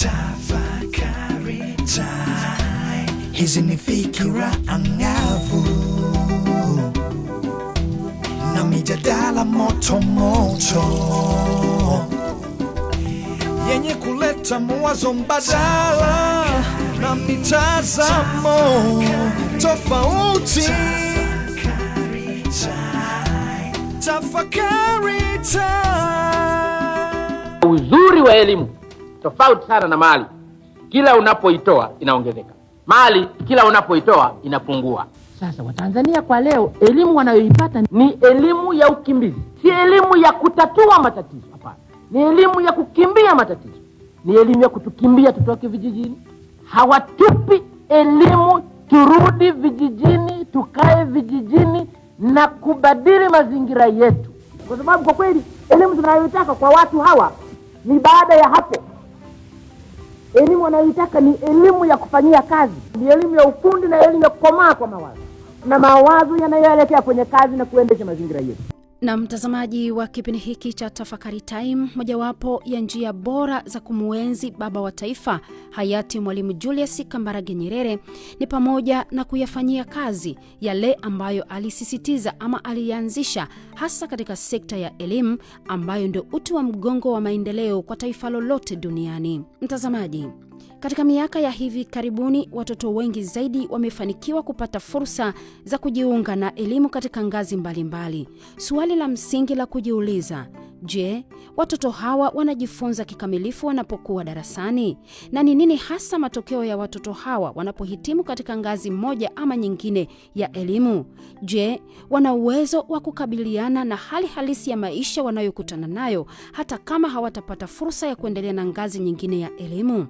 Tafakari time. Hizi ni fikira angavu na mijadala moto moto yenye kuleta mwazo mbadala na mitazamo tofauti. Tafakari time. Uzuri wa elimu tofauti sana na mali. Kila unapoitoa inaongezeka, mali kila unapoitoa inapungua. Sasa Watanzania kwa leo elimu wanayoipata ni elimu ya ukimbizi, si elimu ya kutatua matatizo. Hapana, ni elimu ya kukimbia matatizo, ni elimu ya kutukimbia tutoke vijijini. Hawatupi elimu turudi vijijini, tukae vijijini na kubadili mazingira yetu, kwa sababu kwa kweli elimu tunayoitaka kwa watu hawa ni baada ya hapo elimu anayoitaka ni elimu ya kufanyia kazi, ni elimu ya ufundi na elimu ya kukomaa kwa mawazo na mawazo yanayoelekea kwenye kazi na kuendesha mazingira yetu na mtazamaji wa kipindi hiki cha Tafakari Time, mojawapo ya njia bora za kumuenzi baba wa taifa hayati Mwalimu Julius Kambarage Nyerere ni pamoja na kuyafanyia kazi yale ambayo alisisitiza ama aliyeanzisha hasa katika sekta ya elimu ambayo ndio uti wa mgongo wa maendeleo kwa taifa lolote duniani. Mtazamaji, katika miaka ya hivi karibuni, watoto wengi zaidi wamefanikiwa kupata fursa za kujiunga na elimu katika ngazi mbalimbali. Suali la msingi la kujiuliza Je, watoto hawa wanajifunza kikamilifu wanapokuwa darasani? Na ni nini hasa matokeo ya watoto hawa wanapohitimu katika ngazi moja ama nyingine ya elimu? Je, wana uwezo wa kukabiliana na hali halisi ya maisha wanayokutana nayo hata kama hawatapata fursa ya kuendelea na ngazi nyingine ya elimu?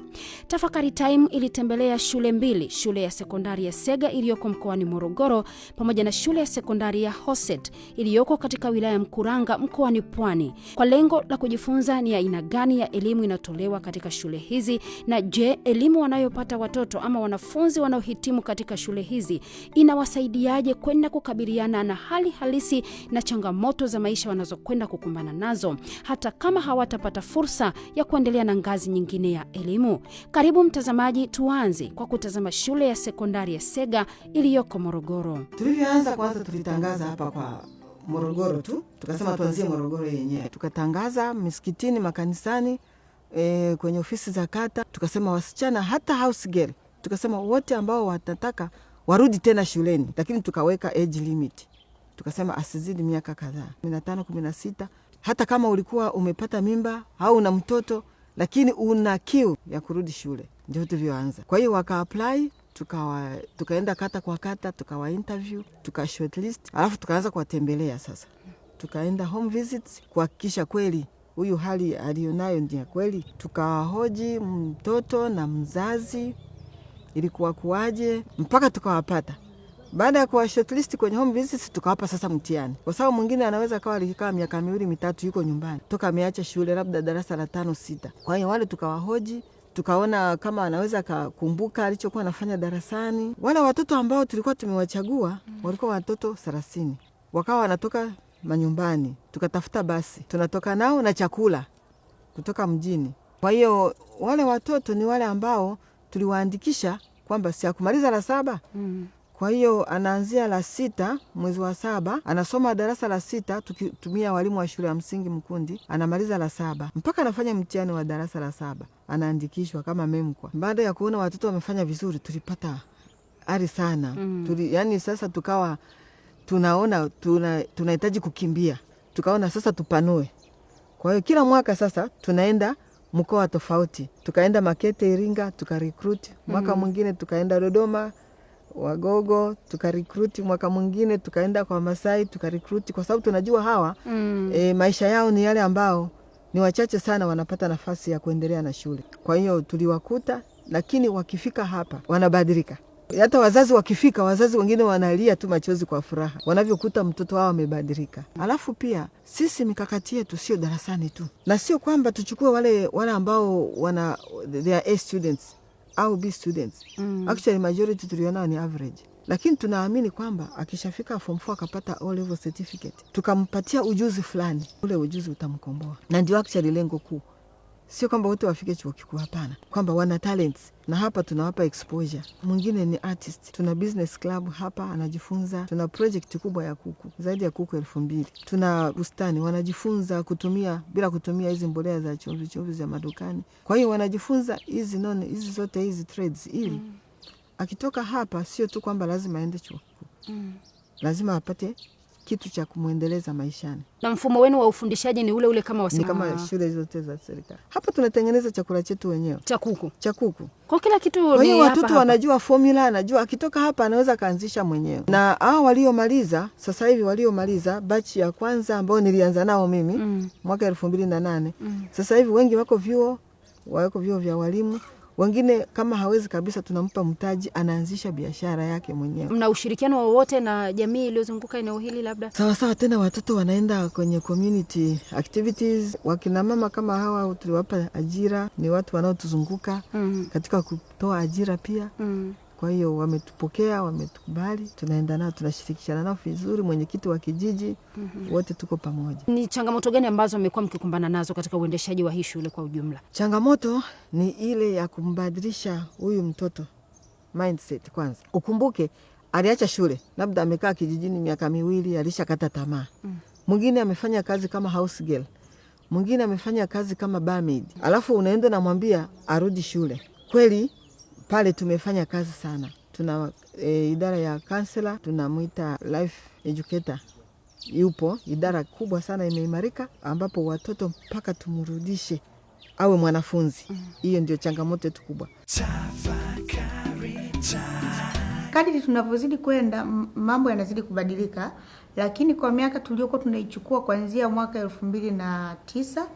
Tafakari Time ilitembelea shule mbili, shule ya sekondari ya Sega iliyoko mkoani Morogoro pamoja na shule ya sekondari ya hoset iliyoko katika wilaya ya Mkuranga mkoani Pwani kwa lengo la kujifunza ni aina gani ya elimu inatolewa katika shule hizi, na je, elimu wanayopata watoto ama wanafunzi wanaohitimu katika shule hizi inawasaidiaje kwenda kukabiliana na hali halisi na changamoto za maisha wanazokwenda kukumbana nazo, hata kama hawatapata fursa ya kuendelea na ngazi nyingine ya elimu. Karibu mtazamaji, tuanze kwa kutazama shule ya sekondari ya Sega iliyoko Morogoro. Tulivyoanza kwanza, tulitangaza hapa kwa Morogoro tu, tukasema tuanzie Morogoro yenyewe, tukatangaza misikitini, makanisani, e, kwenye ofisi za kata, tukasema wasichana, hata house girl, tukasema wote ambao watataka warudi tena shuleni, lakini tukaweka age limit, tukasema asizidi miaka kadhaa na sita. Hata kama ulikuwa umepata mimba au una mtoto lakini una kiu ya kurudi shule, ndio tulivyoanza. Kwa hiyo waka apply tukawa, tukaenda kata kwa kata tukawa interview tuka shortlist, alafu tukaanza kuwatembelea sasa, tukaenda home visits kuhakikisha kweli huyu hali aliyonayo ni ya kweli. Tukawahoji mtoto na mzazi, ilikuwa kuwaje mpaka tukawapata. Baada ya kuwa shortlist kwenye home visits, tukawapa sasa mtihani, kwa sababu mwingine anaweza kawa alikaa miaka miwili mitatu yuko nyumbani toka ameacha shule, labda darasa la tano sita. Kwa hiyo wale tukawahoji tukaona kama anaweza akakumbuka alichokuwa anafanya darasani. Wale watoto ambao tulikuwa tumewachagua mm. walikuwa watoto thelathini, wakawa wanatoka manyumbani, tukatafuta basi tunatoka nao na chakula kutoka mjini. Kwa hiyo wale watoto ni wale ambao tuliwaandikisha kwamba si la saba mm. Kwa hiyo anaanzia la sita mwezi wa saba anasoma darasa la sita tukitumia walimu wa shule ya msingi Mkundi, anamaliza la saba mpaka anafanya mtihani wa darasa la saba anaandikishwa kama MEMKWA. Baada ya kuona watoto wamefanya vizuri, tulipata ari sana mm. Tuli, yani sasa tukawa tunaona tunahitaji tuna kukimbia, tukaona sasa tupanue. Kwa hiyo kila mwaka sasa tunaenda mkoa tofauti, tukaenda Makete Iringa, tukarikruti mwaka mm. mwingine mm. tukaenda Dodoma Wagogo tukarikruti mwaka mwingine, tukaenda kwa Masai tukarikruti kwa sababu tunajua hawa mm. e, maisha yao ni yale ambao ni wachache sana wanapata nafasi ya kuendelea na shule. Kwa hiyo tuliwakuta, lakini wakifika hapa wanabadilika. Hata wazazi wakifika, wazazi wengine wanalia tu machozi kwa furaha wanavyokuta mtoto wao amebadilika. Alafu pia sisi mikakati yetu sio darasani tu, na sio kwamba tuchukue wale wale ambao wana they are A students au B students mm. Actually majority tulionao ni average, lakini tunaamini kwamba akishafika form 4 akapata O level certificate, tukampatia ujuzi fulani, ule ujuzi utamkomboa, na ndio actually lengo kuu. Sio kwamba wote wafike chuo kikuu, hapana, kwamba wana talents na hapa tunawapa exposure. Mwingine ni artist, tuna business club hapa anajifunza. Tuna projekti kubwa ya kuku, zaidi ya kuku elfu mbili. Tuna bustani, wanajifunza kutumia bila kutumia hizi mbolea za chumvi chumvi za madukani. Kwa hiyo wanajifunza hizi non hizi zote hizi trades, ili mm. akitoka hapa sio tu kwamba lazima aende chuo kikuu, mm. lazima apate kitu cha kumwendeleza maishani. Na mfumo wenu wa ufundishaji ni ule ule kama wasi, kama shule zote za serikali. Hapa tunatengeneza chakula chetu wenyewe cha kuku, cha kuku, kwa kila kitu. Kwa hiyo watoto wanajua formula, anajua akitoka hapa anaweza akaanzisha mwenyewe. Na hao waliomaliza sasa hivi, waliomaliza bachi ya kwanza ambao nilianza nao mimi mm. mwaka elfu mbili na nane mm. sasa hivi wengi wako vyuo, wako vyuo vya walimu wengine kama hawezi kabisa, tunampa mtaji, anaanzisha biashara yake mwenyewe. Mna ushirikiano wowote na jamii iliyozunguka eneo hili labda? Sawa sawa. Tena watoto wanaenda kwenye community activities. Wakina mama kama hawa tuliwapa ajira, ni watu wanaotuzunguka mm -hmm. katika kutoa ajira pia mm -hmm. Kwa hiyo wametupokea, wametukubali, tunaenda nao, tunashirikishana nao vizuri, mwenyekiti wa kijiji mm -hmm. wote tuko pamoja. Ni changamoto gani ambazo mmekuwa mkikumbana nazo katika uendeshaji wa hii shule kwa ujumla? Changamoto ni ile ya kumbadilisha huyu mtoto mindset. Kwanza ukumbuke aliacha shule, labda amekaa kijijini miaka miwili, alishakata tamaa. Mm. Mwingine mm. amefanya kazi kama house girl, mwingine amefanya kazi kama barmaid, alafu unaenda namwambia arudi shule kweli pale tumefanya kazi sana. Tuna e, idara ya kansela tunamwita life educator yupo, idara kubwa sana imeimarika, ambapo watoto mpaka tumrudishe awe mwanafunzi. Hiyo ndio changamoto yetu kubwa. Kadiri tunavyozidi kwenda, mambo yanazidi kubadilika, lakini kwa miaka tuliokuwa tunaichukua kuanzia mwaka elfu mbili na tisa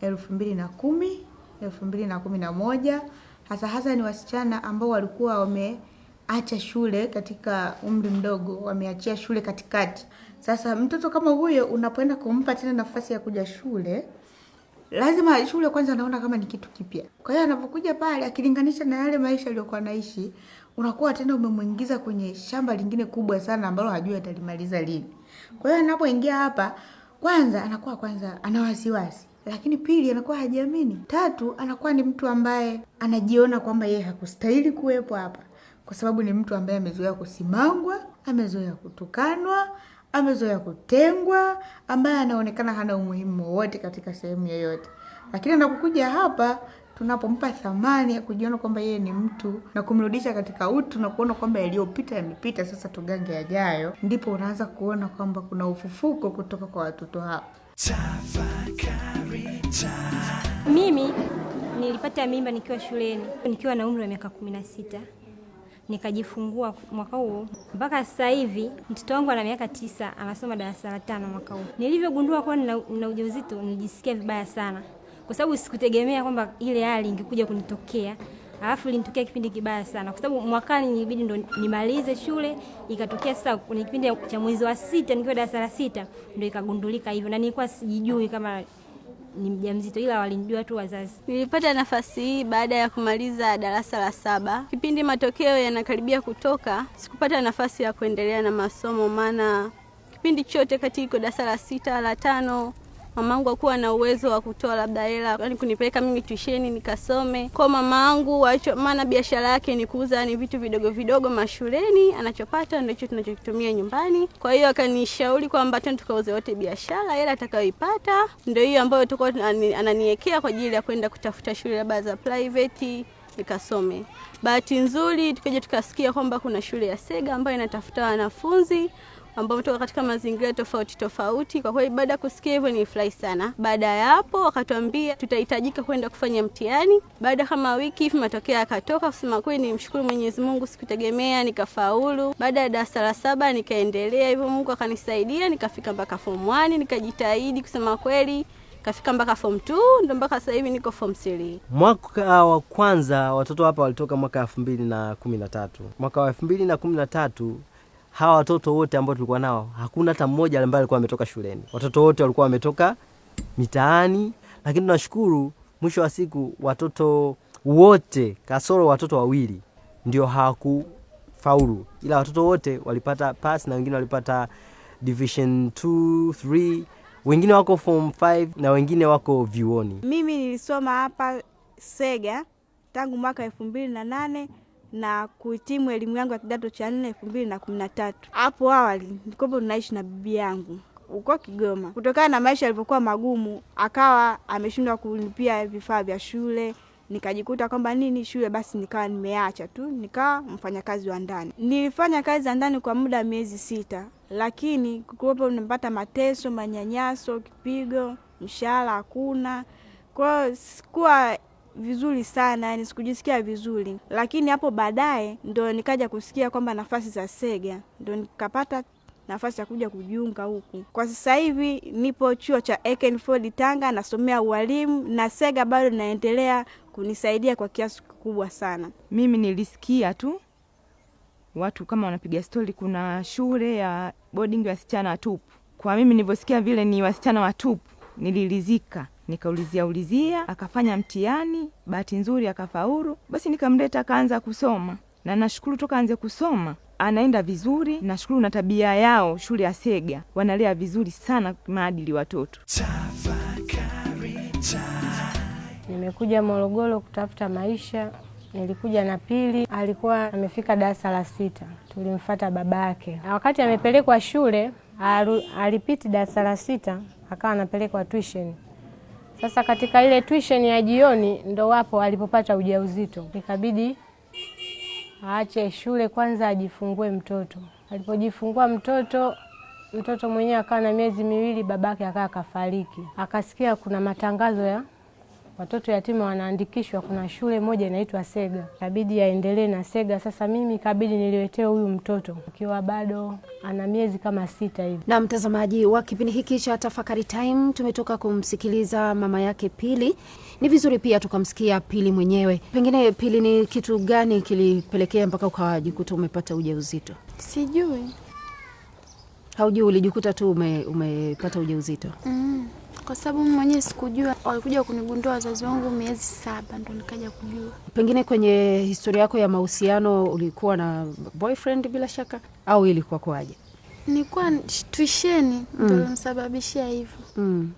elfu mbili na kumi elfu mbili na kumi na moja hasa hasa ni wasichana ambao walikuwa wameacha shule katika umri mdogo, wameachia shule katikati. Sasa mtoto kama huyo unapoenda kumpa tena nafasi ya kuja shule, lazima shule kwanza anaona kama ni kitu kipya. Kwa hiyo anapokuja pale akilinganisha na yale maisha aliyokuwa naishi, unakuwa tena umemwingiza kwenye shamba lingine kubwa sana ambalo hajui atalimaliza lini. Kwa hiyo anapoingia hapa, kwanza anakuwa kwanza ana wasiwasi lakini pili anakuwa hajiamini, tatu anakuwa ni mtu ambaye anajiona kwamba yeye hakustahili kuwepo hapa, kwa sababu ni mtu ambaye amezoea kusimangwa, amezoea kutukanwa, amezoea kutengwa, ambaye anaonekana hana umuhimu wowote katika sehemu yoyote, lakini anapokuja hapa tunapompa thamani ya kujiona kwamba yeye ni mtu na kumrudisha katika utu na kuona kwamba yaliyopita yamepita, sasa tugange yajayo, ndipo unaanza kuona kwamba kuna ufufuko kutoka kwa watoto hapa. Tafakari. Mimi nilipata mimba nikiwa shuleni, nikiwa na umri wa miaka kumi na sita nikajifungua mwaka huo. Mpaka sasa hivi mtoto wangu ana miaka tisa, anasoma darasa la tano mwaka huu. Nilivyogundua kuwa nina ujauzito, nilijisikia vibaya sana, kwa sababu sikutegemea kwamba ile hali ingekuja kunitokea. Alafu ilinitokea kipindi kibaya sana, kwa sababu mwakani nilibidi ndo nimalize shule. Ikatokea sasa kwenye kipindi cha mwezi wa sita, nikiwa darasa la sita, ndo ikagundulika hivyo, na nilikuwa sijijui kama ni mjamzito, ila walinijua tu wazazi. Nilipata nafasi hii baada ya kumaliza darasa la saba. Kipindi matokeo yanakaribia kutoka, sikupata nafasi ya kuendelea na masomo, maana kipindi chote kati iko darasa la sita, la tano mamangu akuwa na uwezo wa kutoa labda hela yani kunipeleka mimi tusheni nikasome. Kwa mamangu alicho, maana biashara yake ni kuuza ni vitu vidogo vidogo mashuleni, anachopata ndicho tunachokitumia nyumbani. Kwa hiyo akanishauri kwamba tena tukauze wote biashara, hela atakayoipata ndio hiyo ambayo tuko ananiwekea kwa ajili ya kwenda kutafuta shule labda za private nikasome. Bahati nzuri tukaja tukasikia kwamba kuna shule ya Sega ambayo inatafuta wanafunzi ambao toka katika mazingira tofauti tofauti. Kwa kweli baada ya kusikia hivyo nilifurahi sana. Baada ya hapo wakatuambia tutahitajika kwenda kufanya mtihani. Baada kama wiki hivi matokeo yakatoka. Kusema kweli nimshukuru Mwenyezi Mungu, sikutegemea nikafaulu. Baada ya darasa la saba nikaendelea hivyo, Mungu akanisaidia nikafika mpaka form 1 nikajitahidi kusema kweli kafika mpaka form 2 ndo mpaka sasa hivi niko form 3. Mwaka wa kwanza watoto hapa walitoka mwaka 2013. Mwaka wa 2013 hawa watoto wote ambao tulikuwa nao hakuna hata mmoja ambaye alikuwa ametoka shuleni. Watoto wote walikuwa wametoka mitaani, lakini tunashukuru mwisho wa siku watoto wote kasoro watoto wawili ndio hawakufaulu, ila watoto wote walipata pass na wengine walipata division 2, 3, wengine wako form 5 na wengine wako vyuoni. Mimi nilisoma hapa Sega tangu mwaka elfu mbili na nane na kuhitimu elimu yangu ya kidato cha nne elfu mbili na kumi na tatu. Hapo awali nilikuwa naishi na bibi yangu uko Kigoma. Kutokana na maisha yalivyokuwa magumu, akawa ameshindwa kulipia vifaa vya shule nikajikuta kwamba nini shule basi, nikawa nimeacha tu, nikawa mfanyakazi wa ndani. Nilifanya kazi za ndani kwa muda miezi sita, lakini kukuwepo nimepata mateso, manyanyaso, kipigo, mshahara hakuna, hiyo sikuwa vizuri sana, yani sikujisikia vizuri, lakini hapo baadaye ndo nikaja kusikia kwamba nafasi za Sega, ndo nikapata nafasi ya kuja kujiunga huku. Kwa sasa hivi nipo chuo cha Ekenford Tanga, nasomea ualimu na Sega bado naendelea kunisaidia kwa kiasi kikubwa sana. Mimi nilisikia tu watu kama wanapiga stori, kuna shule ya boarding ya wasichana watupu. Kwa mimi nilivyosikia vile ni wasichana watupu, nililizika nikaulizia ulizia, akafanya mtihani, bahati nzuri akafaulu. Basi nikamleta akaanza kusoma, na nashukuru toka anze kusoma anaenda vizuri, nashukuru. Na tabia yao shule ya Sega wanalea vizuri sana maadili watoto. Nimekuja Morogoro kutafuta maisha, nilikuja na Pili, alikuwa amefika darasa la sita, tulimfata babake. Wakati amepelekwa shule alipiti darasa la sita, akawa anapelekwa tuisheni sasa katika ile tuition ya jioni ndo wapo alipopata ujauzito, ikabidi aache shule kwanza ajifungue mtoto. Alipojifungua mtoto mtoto mwenyewe akawa na miezi miwili, babake akawa kafariki. Akasikia kuna matangazo ya watoto yatima wanaandikishwa, kuna shule moja inaitwa Sega, kabidi aendelee na Sega. Sasa mimi kabidi niliwetea huyu mtoto akiwa bado ana miezi kama sita hivi. Na mtazamaji wa kipindi hiki cha Tafakari Time, tumetoka kumsikiliza mama yake Pili. Ni vizuri pia tukamsikia Pili mwenyewe. Pengine Pili, ni kitu gani kilipelekea mpaka ukajikuta umepata ujauzito? Sijui. Haujui, ulijikuta tu ume, umepata ujauzito? mm kwa sababu mwenyewe sikujua. Walikuja kunigundua wazazi wangu miezi saba, ndo nikaja kujua. Pengine kwenye historia yako ya mahusiano ulikuwa na boyfriend bila shaka, au ilikuwa kwaje? Nilikuwa tuisheni ndo mm. msababishia hivyo mm.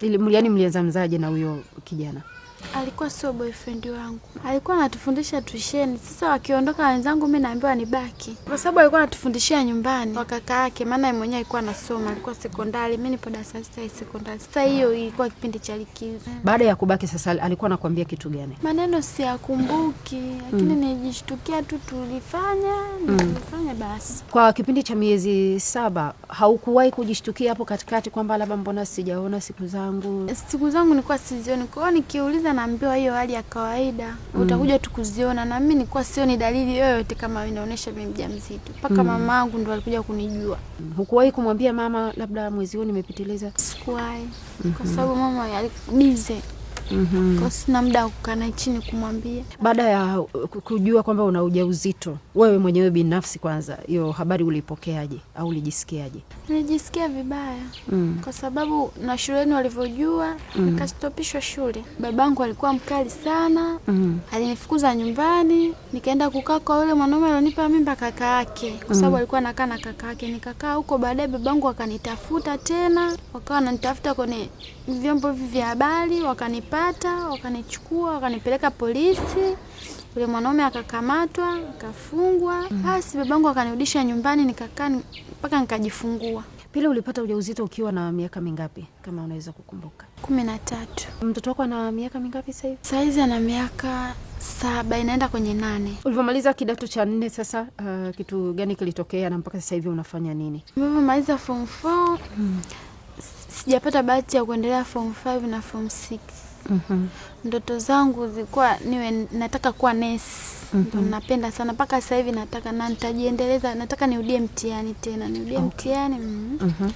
mm. Yaani mlianza mzaje na huyo kijana? Alikuwa sio boyfriend wangu, alikuwa anatufundisha tusheni. Sasa wakiondoka wenzangu, mimi naambiwa nibaki, kwa sababu alikuwa anatufundishia nyumbani kwa kaka yake, maana yeye mwenyewe alikuwa anasoma, alikuwa sekondari, mimi nipo darasa sita ya sekondari. Sasa hiyo ilikuwa kipindi cha likizo. Baada ya kubaki sasa, alikuwa anakuambia kitu gani? Maneno siyakumbuki, lakini mm. nijishtukia tu, tulifanya nilifanya mm. basi. Kwa kipindi cha miezi saba haukuwahi kujishtukia hapo katikati kwamba labda mbona sijaona siku zangu? Siku zangu nilikuwa sizioni, kwa hiyo nikiuliza kwanza naambiwa hiyo hali ya kawaida mm. utakuja kuziona na mimi nilikuwa sioni dalili yoyote kama inaonyesha mimi mjamzito mpaka mm. mamangu ndo alikuja kunijua. Hukuwahi kumwambia mama labda mwezi huu nimepitileza? Sikuwahi mm -hmm. kwa mm-hmm. sababu mama alibize mm -hmm. Kwa sina muda wa kukaa naye chini kumwambia. Baada ya uh, kujua kwamba una ujauzito, wewe mwenyewe binafsi, kwanza hiyo habari ulipokeaje au ulijisikiaje? Nilijisikia vibaya mm. kwa sababu na shuleni walivyojua mm. nikastopishwa shule. Babangu alikuwa mkali sana mm. alinifukuza nyumbani, nikaenda kukaa kwa yule mwanaume alionipa mimba, kaka yake, kwa sababu mm. alikuwa anakaa na kaka yake. Nikakaa huko, baadaye babangu akanitafuta tena, wakawa wananitafuta kwenye vyombo vya habari wakanipata, wakanichukua, wakanipeleka polisi. Yule mwanaume akakamatwa, akafungwa. Mm. Basi babangu akanirudisha nyumbani, nikakaa mpaka nikajifungua. Pile, ulipata ujauzito ukiwa na miaka mingapi, kama unaweza kukumbuka? kumi na tatu. Mtoto wako ana miaka mingapi sasa hivi? ana miaka saba inaenda kwenye nane. Ulivyomaliza kidato cha nne sasa, uh, kitu gani kilitokea na mpaka sasa hivi unafanya nini? Ulivyomaliza form four, hmm sijapata bahati ya kuendelea form 5 na form 6. Mm -hmm. Ndoto zangu zilikuwa niwe nataka kuwa nesi. Mm -hmm. Napenda sana mpaka sasa hivi nataka na nitajiendeleza, nataka niudie mtihani tena, niudie okay. mtihani. Mm -hmm. Mm -hmm.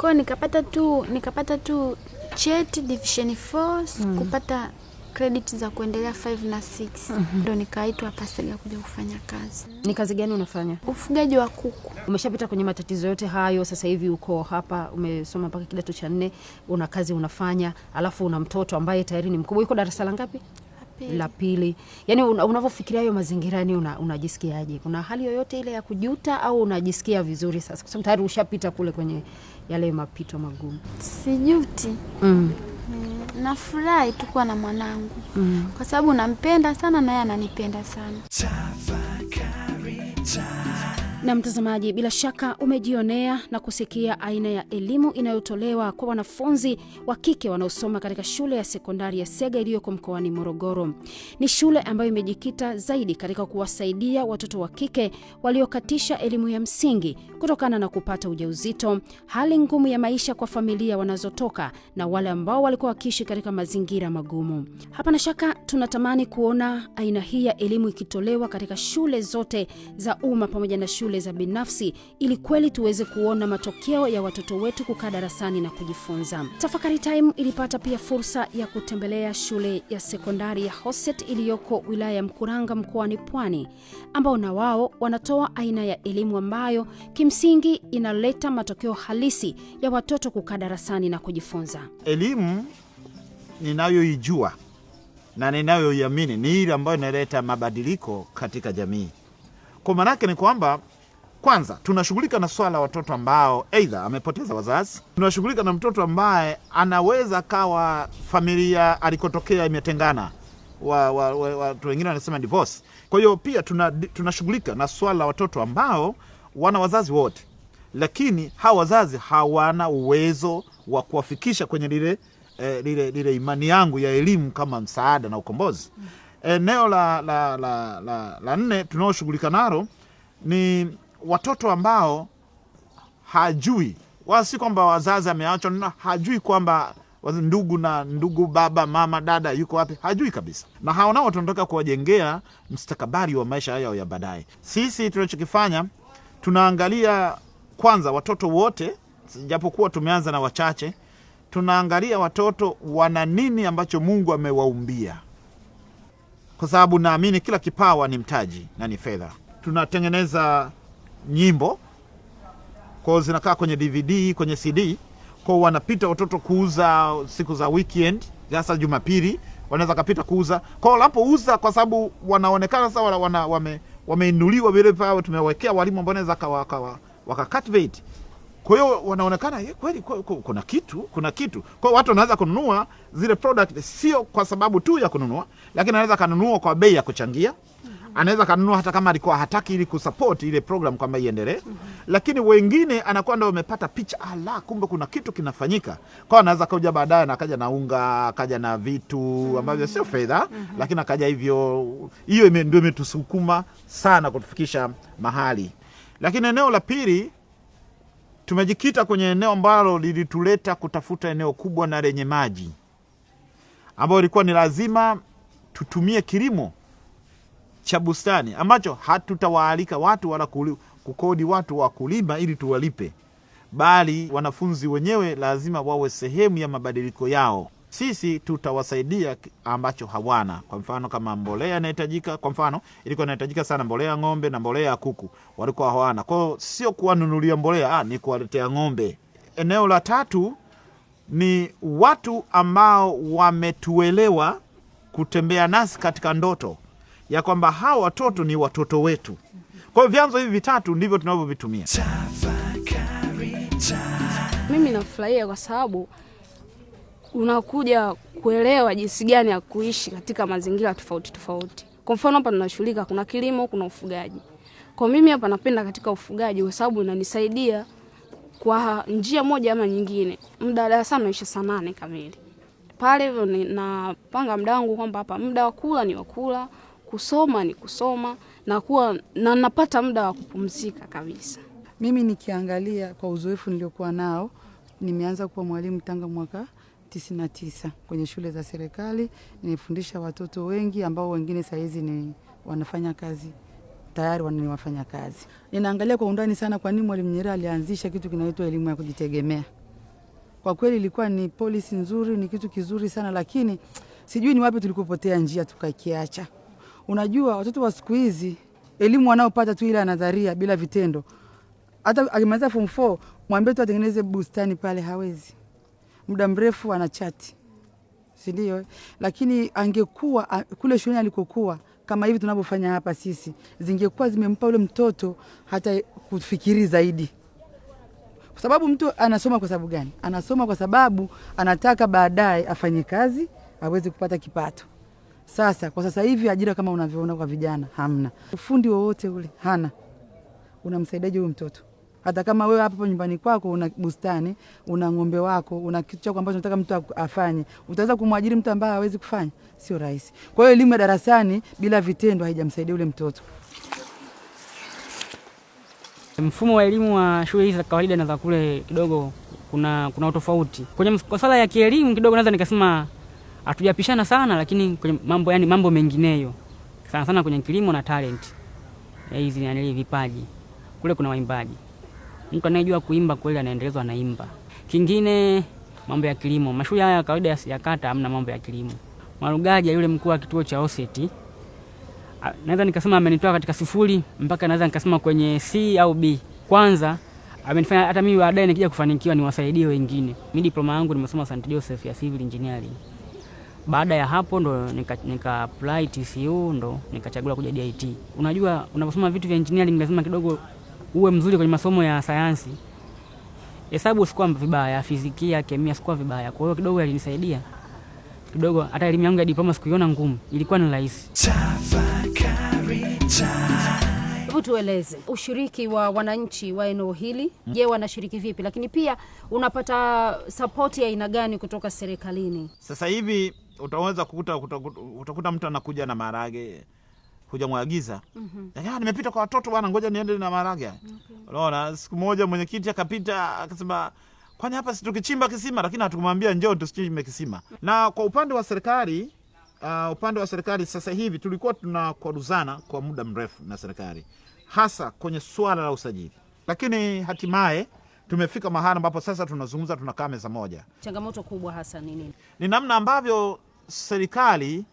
Kwa nikapata tu nikapata tu cheti division 4 mm -hmm. kupata credit za kuendelea 5 na 6 mhm. ndo nikaitwa paseli ya kuja kufanya kazi. Ni kazi gani unafanya? Ufugaji wa kuku. Umeshapita kwenye matatizo yote hayo, sasa hivi uko hapa, umesoma mpaka kidato cha nne, una kazi unafanya, alafu una mtoto ambaye tayari ni mkubwa. Yuko darasa la ngapi? la pili. Yaani unavyofikiria hayo mazingira ni yaani una, unajisikiaje? kuna hali yoyote ile ya kujuta au unajisikia vizuri sasa, kwa sababu tayari ushapita kule kwenye yale mapito magumu? Sijuti. mm. Mm, nafurahi tu kuwa na mwanangu mm, kwa sababu nampenda sana na yeye ananipenda sana. Na mtazamaji, bila shaka umejionea na kusikia aina ya elimu inayotolewa kwa wanafunzi wa kike wanaosoma katika shule ya sekondari ya Sega iliyoko mkoani Morogoro. Ni shule ambayo imejikita zaidi katika kuwasaidia watoto wa kike waliokatisha elimu ya msingi kutokana na kupata ujauzito, hali ngumu ya maisha kwa familia wanazotoka na wale ambao walikuwa wakiishi katika mazingira magumu. Hapana shaka tunatamani kuona aina hii ya elimu ikitolewa katika shule zote za umma pamoja na shule shule za binafsi ili kweli tuweze kuona matokeo ya watoto wetu kukaa darasani na kujifunza. Tafakari Time ilipata pia fursa ya kutembelea shule ya sekondari ya hoset iliyoko wilaya ya Mkuranga mkoani Pwani, ambao na wao wanatoa aina ya elimu ambayo kimsingi inaleta matokeo halisi ya watoto kukaa darasani na kujifunza. Elimu ninayoijua na ninayoiamini ni ile ambayo inaleta mabadiliko katika jamii. Kwa maanake ni kwamba kwanza tunashughulika na swala la watoto ambao aidha amepoteza wazazi, tunashughulika na mtoto ambaye anaweza kawa familia alikotokea imetengana, watu wa, wa, wa, wengine wanasema divorce. Kwa hiyo pia tunashughulika tuna na swala la watoto ambao wana wazazi wote, lakini hawa wazazi hawana uwezo wa kuwafikisha kwenye lile eh, lile, lile imani yangu ya elimu kama msaada na ukombozi. Mm. Eneo la, la, la, la, la nne tunaoshughulika nalo ni watoto ambao hajui wala si kwamba wazazi ameachwa na hajui kwamba ndugu na ndugu, baba, mama, dada yuko wapi, hajui kabisa, na hao nao tunataka kuwajengea mstakabali wa maisha yao ya baadaye. Sisi tunachokifanya tunaangalia kwanza watoto wote, japokuwa tumeanza na wachache, tunaangalia watoto wana nini ambacho Mungu amewaumbia, kwa sababu naamini kila kipawa ni mtaji na ni fedha. Tunatengeneza nyimbo kwa zinakaa kwenye DVD, kwenye CD kwa wanapita watoto kuuza siku za weekend, hasa Jumapili wanaweza kapita kuuza kwao, wanapouza kwa sababu wanaonekana sasa wana, wame wameinuliwa vile vile tumewekea walimu ambao wanaweza wakacultivate. Kwa hiyo wanaonekana eh, kweli kuna kitu, kuna kitu. Kwa watu wanaweza kununua zile product, sio kwa sababu tu ya kununua, lakini anaweza kanunua kwa bei ya kuchangia anaweza kanunua hata kama alikuwa hataki, ili kusupport ile program kwamba iendelee. mm -hmm. Lakini wengine anakuwa ndio amepata picha, ala, ah, kumbe kuna kitu kinafanyika kwao, anaweza kuja baadaye na akaja na unga akaja na vitu ambavyo sio fedha mm -hmm. lakini akaja hivyo. Hiyo ndio imetusukuma sana kutufikisha mahali, lakini eneo la pili tumejikita kwenye eneo ambalo lilituleta kutafuta eneo kubwa na lenye maji ambayo ilikuwa ni lazima tutumie kilimo cha bustani ambacho hatutawaalika watu wala kukodi watu wa kulima ili tuwalipe, bali wanafunzi wenyewe lazima wawe sehemu ya mabadiliko yao. Sisi tutawasaidia ambacho hawana. Kwa mfano, kama mbolea inahitajika, kwa mfano ilikuwa inahitajika sana mbolea ya ng'ombe na mbolea ya kuku, walikuwa hawana. Kwa hiyo sio kuwanunulia mbolea, ah, ni kuwaletea ng'ombe. Eneo la tatu ni watu ambao wametuelewa kutembea nasi katika ndoto ya kwamba hawa watoto ni watoto wetu. Kwa hiyo vyanzo hivi vitatu ndivyo tunavyovitumia. Mimi nafurahia kwa sababu unakuja kuelewa jinsi gani ya kuishi katika mazingira tofauti tofauti. Kwa mfano hapa tunashughulika, kuna kilimo, kuna ufugaji. Kwa mimi hapa napenda katika ufugaji kwa sababu inanisaidia kwa njia moja ama nyingine. Muda darasani naisha saa nane kamili pale, hivyo napanga muda wangu kwamba hapa muda wa kula ni wakula kusoma ni kusoma na kuwa na napata muda wa kupumzika kabisa. Mimi nikiangalia kwa uzoefu niliokuwa nao, nimeanza kuwa mwalimu tanga mwaka tisini na tisa kwenye shule za serikali. Nimefundisha watoto wengi ambao wengine sahizi ni wanafanya kazi tayari ni wafanya kazi. Ninaangalia kwa undani sana kwa nini Mwalimu Nyerere alianzisha kitu kinaitwa elimu ya kujitegemea. Kwa kweli ilikuwa ni polisi nzuri, ni kitu kizuri sana, lakini sijui ni wapi tulikopotea njia tukakiacha. Unajua watoto wa siku hizi elimu wanaopata tu ile nadharia bila vitendo. Hata akimaliza form 4 mwambie tu atengeneze bustani pale, hawezi. Muda mrefu anachati, si ndio? Lakini angekuwa kule shuleni alikokuwa kama hivi tunavyofanya hapa sisi, zingekuwa zimempa yule mtoto hata kufikiri zaidi, kwa sababu mtu anasoma kwa sababu gani? Anasoma kwa sababu anataka baadaye afanye kazi aweze kupata kipato. Sasa kwa sasa hivi ajira kama unavyoona kwa vijana hamna, ufundi wowote ule hana. Unamsaidiaje huyu mtoto? Hata kama wewe hapo nyumbani kwako una bustani, una ng'ombe wako, una kitu chako ambacho unataka mtu afanye, utaweza kumwajiri mtu ambaye hawezi kufanya? Sio rahisi. Kwa hiyo elimu ya darasani bila vitendo haijamsaidia ule mtoto. Mfumo wa elimu wa shule hizi za kawaida na za kule kidogo kuna, kuna utofauti kwenye masuala ya kielimu kidogo, naweza nikasema hatujapishana sana, lakini kwenye mambo yani mambo mengineyo sana sana kwenye kilimo na talent hizi yani vipaji kule, kuna waimbaji, mtu anayejua kuimba kweli anaendelezwa, anaimba. Kingine mambo ya kilimo, mashule haya kawaida ya kata hamna mambo ya kilimo. Mwarugaji yule mkuu wa kituo cha Oseti naweza nikasema amenitoa katika sifuri mpaka naweza nikasema kwenye C au B. Kwanza amenifanya hata mimi baadaye nikija kufanikiwa niwasaidie wengine. Mimi diploma yangu nimesoma St. Joseph ya civil engineering. Baada ya hapo ndo nika, nika apply TCU ndo nikachagula kuja DIT. Unajua unaposoma vitu vya engineering lazima kidogo uwe mzuri kwenye masomo ya sayansi. Hesabu sikuwa vibaya, fizikia, kemia sikuwa vibaya. Kwa hiyo kidogo yalinisaidia. Kidogo hata elimu yangu ya diploma sikuiona ngumu, ilikuwa ni rahisi. Hebu tueleze ushiriki wa wananchi wa eneo hili. Hmm. Je, wanashiriki vipi? Lakini pia unapata sapoti ya aina gani kutoka serikalini sasa hivi? utaweza kukuta, utakuta mtu anakuja na marage hujamwagiza mm -hmm. Nimepita kwa watoto bwana, ngoja niende na marage unaona Okay. siku moja mwenyekiti akapita akasema, kwani hapa si tukichimba kisima? Lakini hatukumwambia njoo tusichimbe kisima. Na kwa upande wa serikali uh, upande wa serikali sasa hivi tulikuwa tunakwaruzana kwa muda mrefu na serikali, hasa kwenye swala la usajili, lakini hatimaye tumefika mahali ambapo sasa tunazungumza, tunakaa meza moja. Changamoto kubwa hasa ni nini? Ni namna ambavyo serikali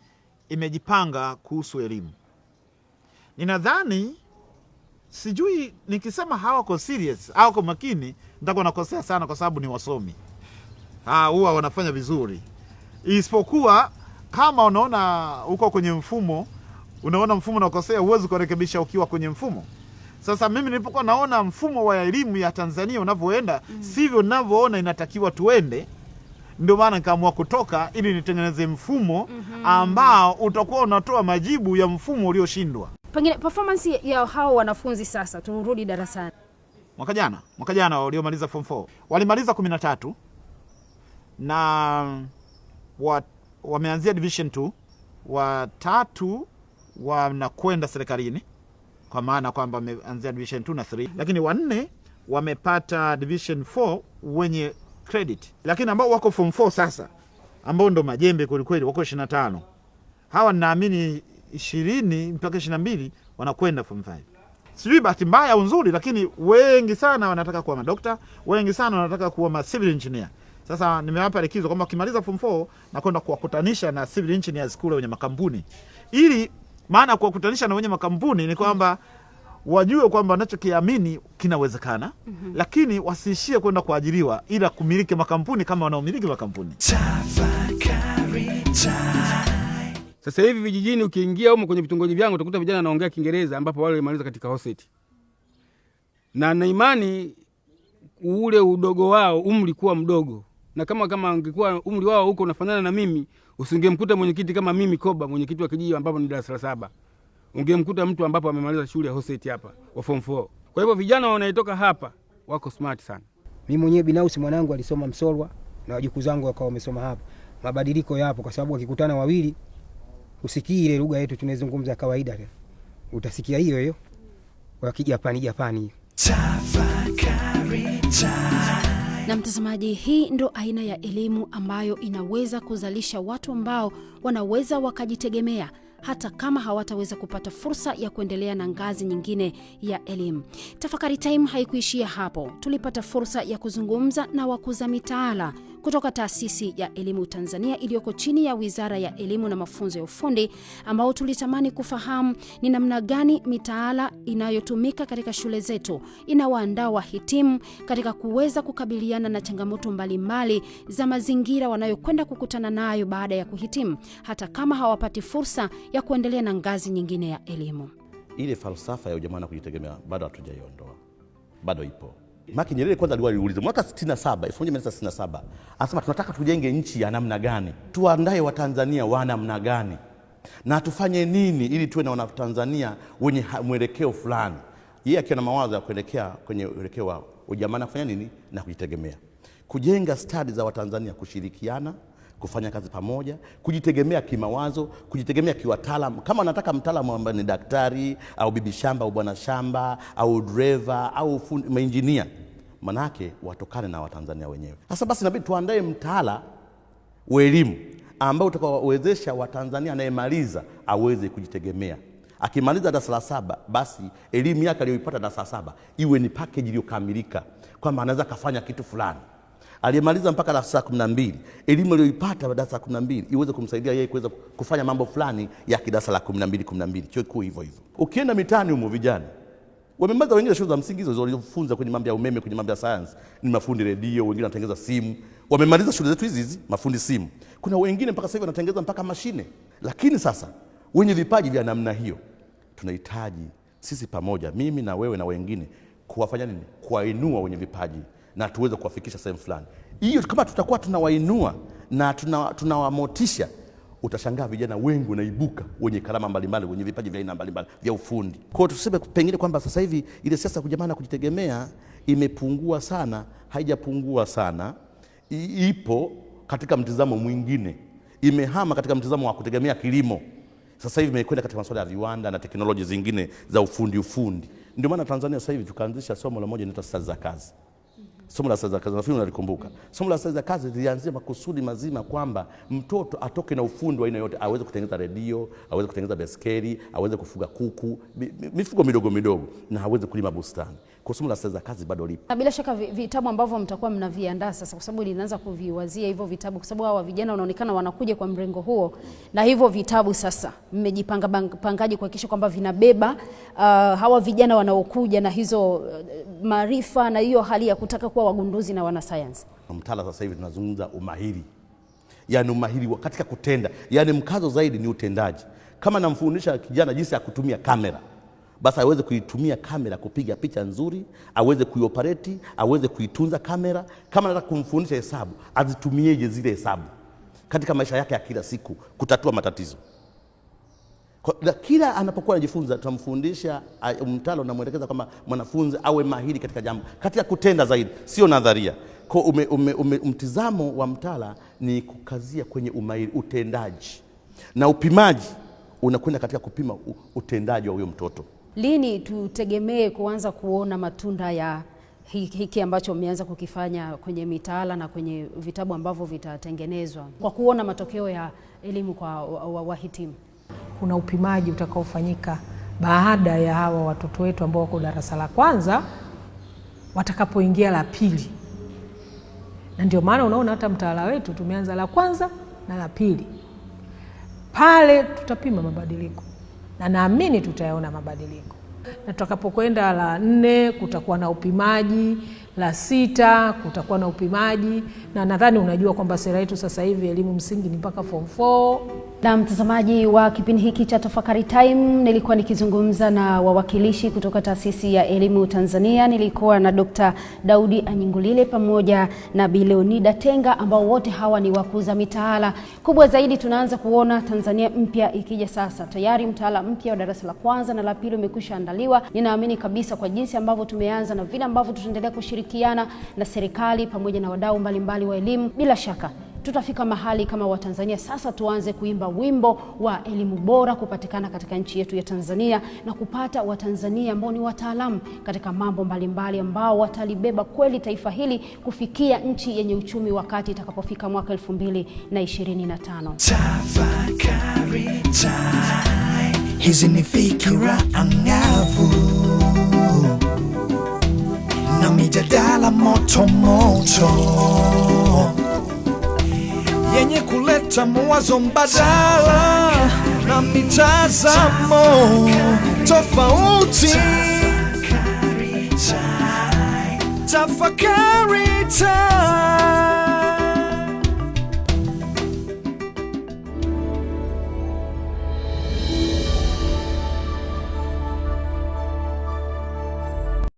imejipanga kuhusu elimu. Ninadhani, sijui nikisema hawako serious, hawako makini, nitakuwa nakosea sana, kwa sababu ni wasomi huwa wanafanya vizuri, isipokuwa kama unaona uko kwenye mfumo, unaona mfumo unakosea, huwezi kurekebisha ukiwa kwenye mfumo. Sasa mimi nilipokuwa naona mfumo wa elimu ya Tanzania unavyoenda, mm, sivyo navyoona inatakiwa tuende ndio maana nikaamua kutoka ili nitengeneze mfumo ambao utakuwa unatoa majibu ya mfumo ulioshindwa. Pengine performance ya hao wanafunzi sasa, turudi darasani. Mwaka jana, mwaka jana waliomaliza form 4 walimaliza 13 na wa, wameanzia division 2, watatu wanakwenda serikalini kwa maana kwamba wameanzia division 2 na 3, lakini wanne wamepata division 4 wenye credit, lakini ambao wako form 4 sasa ambao ndo majembe kwelikweli wako 25 hawa naamini ishirini mpaka ishirini na mbili wanakwenda form 5. Sijui bahati mbaya au nzuri, lakini wengi sana wanataka kuwa madokta, wengi sana wanataka kuwa ma civil engineer. Sasa nimewapa likizo kwamba wakimaliza form 4 na kwenda kuwakutanisha na civil engineers kule wenye makampuni, ili maana kuwakutanisha na wenye makampuni ni kwamba mm wajue kwamba wanachokiamini kinawezekana mm -hmm. Lakini wasiishie kwenda kuajiriwa, ila kumiliki makampuni kama wanaomiliki makampuni. Sasa hivi vijijini ukiingia umo kwenye vitongoji vyangu utakuta vijana anaongea Kiingereza ambapo wale walimaliza katika hoseti, na naimani ule udogo wao umri kuwa mdogo, na kama kama angekuwa umri wao huko unafanana na mimi, usingemkuta mwenyekiti kama mimi Koba, mwenyekiti wa kijiji ambapo ni darasa la saba ungemkuta mtu ambapo amemaliza shule ya Hoseti hapa wa form 4. Kwa hivyo vijana wanaitoka hapa wako smart sana. Mimi mwenyewe binafsi mwanangu alisoma Msolwa na wajukuu zangu wakawa wamesoma hapa. Mabadiliko yapo kwa sababu wakikutana wawili usikii ile lugha yetu tunazungumza kawaida tena. Utasikia hiyo hiyo. Kijapani Japani Na mtazamaji, hii ndo aina ya elimu ambayo inaweza kuzalisha watu ambao wanaweza wakajitegemea hata kama hawataweza kupata fursa ya kuendelea na ngazi nyingine ya elimu. Tafakari Time haikuishia hapo. Tulipata fursa ya kuzungumza na wakuza mitaala kutoka taasisi ya elimu Tanzania iliyoko chini ya wizara ya elimu na mafunzo ya ufundi, ambao tulitamani kufahamu ni namna gani mitaala inayotumika katika shule zetu inawaandaa wahitimu katika kuweza kukabiliana na changamoto mbalimbali za mazingira wanayokwenda kukutana nayo baada ya kuhitimu, hata kama hawapati fursa ya kuendelea na ngazi nyingine ya elimu. Ile falsafa ya ujamaa na kujitegemea bado hatujaiondoa, bado ipo. Maki Nyerere kwanza aliwahi mwaka 67 1967 anasema tunataka tujenge nchi ya namna gani, tuandae watanzania wa namna gani na tufanye nini ili tuwe na wanatanzania wenye mwelekeo fulani. Yeye akiwa na mawazo ya kuelekea kwenye uelekeo wao, ujamaa na kufanya nini na kujitegemea, kujenga stadi za watanzania kushirikiana kufanya kazi pamoja, kujitegemea kimawazo, kujitegemea kiwataalamu. Kama nataka mtaalamu ambaye ni daktari au bibi shamba au bwana shamba au dreva au mainjinia, manake watokane na Watanzania wenyewe. Sasa basi, inabidi tuandae mtaala wa elimu ambao utakawawezesha Watanzania anayemaliza aweze kujitegemea akimaliza darasa la saba basi elimu yake aliyoipata darasa la saba iwe ni package iliyokamilika, kwamba anaweza kafanya kitu fulani aliyemaliza mpaka darasa la kumi na mbili, elimu aliyoipata darasa la kumi na mbili iweze kumsaidia yeye kuweza kufanya mambo fulani ya kidarasa la kumi na mbili kumi na mbili chuo kikuu hivyo hivyo. Ukienda mitaani humo vijana wamemaliza wengine shule za msingi hizo walizofunza kwenye mambo ya umeme, kwenye mambo ya sayansi, ni mafundi redio, wengine wanatengeneza simu. Wamemaliza shule zetu hizi hizi, mafundi simu. Kuna wengine mpaka sasa hivi wanatengeneza mpaka mashine. Lakini sasa wenye vipaji vya namna hiyo tunahitaji sisi pamoja, mimi na wewe na wengine, kuwafanya nini? Kuwainua wenye vipaji na tuweze kuwafikisha sehemu fulani. Hiyo kama tutakuwa tunawainua na tunawamotisha, tuna utashangaa vijana wengi wanaibuka wenye karama mbalimbali, wenye vipaji vya aina mbalimbali vya ufundi. Kwa hiyo tuseme pengine kwamba sasa hivi ile siasa ya kujamaa na kujitegemea imepungua sana. Haijapungua sana, ipo katika mtizamo mwingine, imehama katika mtizamo wa kutegemea kilimo sasa hivi imekwenda katika masuala ya viwanda na teknoloji zingine za ufundi ufundi. Ndio maana Tanzania sasa hivi tukaanzisha somo la moja inaitwa stadi za kazi somo la stadi za kazi, nafikiri unalikumbuka. Somo la stadi za kazi lilianzia makusudi mazima kwamba mtoto atoke na ufundi wa aina yote, aweze kutengeneza redio, aweze kutengeneza beskeli, aweze kufuga kuku, mifugo midogo midogo, na aweze kulima bustani kusumu la za kazi bado lipo. Na bila shaka vitabu ambavyo mtakuwa mnaviandaa sasa, kwa sababu linaanza kuviwazia hivyo vitabu, kwa sababu hawa vijana wanaonekana wanakuja kwa mrengo huo, na hivyo vitabu sasa mmejipanga pangaji kuhakikisha kwamba vinabeba uh, hawa vijana wanaokuja na hizo uh, maarifa na hiyo hali ya kutaka kuwa wagunduzi na wanasayansi. Mtala sasa hivi tunazungumza umahiri, yani umahiri katika kutenda, yani mkazo zaidi ni utendaji. Kama namfundisha kijana jinsi ya kutumia kamera basi aweze kuitumia kamera kupiga picha nzuri, aweze kuioperate, aweze kuitunza kamera. Kama anataka kumfundisha hesabu, azitumieje zile hesabu katika maisha yake ya kila siku kutatua matatizo. Kwa, kila anapokuwa anajifunza tunamfundisha mtalo, namwelekeza kwamba mwanafunzi awe mahiri katika jambo, katika kutenda zaidi, sio nadharia. Kwa ume, ume, ume, mtizamo wa mtala ni kukazia kwenye umahiri, utendaji na upimaji unakwenda katika kupima utendaji wa huyo mtoto lini tutegemee kuanza kuona matunda ya hiki ambacho mmeanza kukifanya kwenye mitaala na kwenye vitabu ambavyo vitatengenezwa kwa kuona matokeo ya elimu kwa wahitimu? Kuna upimaji utakaofanyika baada ya hawa watoto wetu ambao wako darasa la kwanza watakapoingia la pili, na ndio maana unaona hata mtaala wetu tumeanza la kwanza na la pili. Pale tutapima mabadiliko na naamini tutayaona mabadiliko, na tutakapokwenda la nne kutakuwa na upimaji la sita kutakuwa na upimaji, na nadhani unajua kwamba sera yetu sasa hivi elimu msingi ni mpaka form 4. Na mtazamaji wa kipindi hiki cha Tafakari Time, nilikuwa nikizungumza na wawakilishi kutoka Taasisi ya Elimu Tanzania. Nilikuwa na Dr. Daudi Anyingulile pamoja na bileonida Tenga, ambao wote hawa ni wakuza mitaala. Kubwa zaidi tunaanza kuona Tanzania mpya ikija sasa. Tayari mtaala mpya wa darasa la kwanza na la pili umekwisha andaliwa. Ninaamini kabisa kwa jinsi ambavyo tumeanza na vile ambavyo tutaendelea kushiriki kushirikiana na serikali pamoja na wadau mbalimbali wa elimu, bila shaka tutafika mahali kama Watanzania sasa tuanze kuimba wimbo wa elimu bora kupatikana katika nchi yetu ya Tanzania na kupata Watanzania ambao ni wataalamu katika mambo mbalimbali ambao watalibeba kweli taifa hili kufikia nchi yenye uchumi wakati itakapofika mwaka 2025. Tafakari hizi ni fikira angavu na mijadala moto moto yenye kuleta mawazo mbadala na mitazamo tofauti. Tafakari time.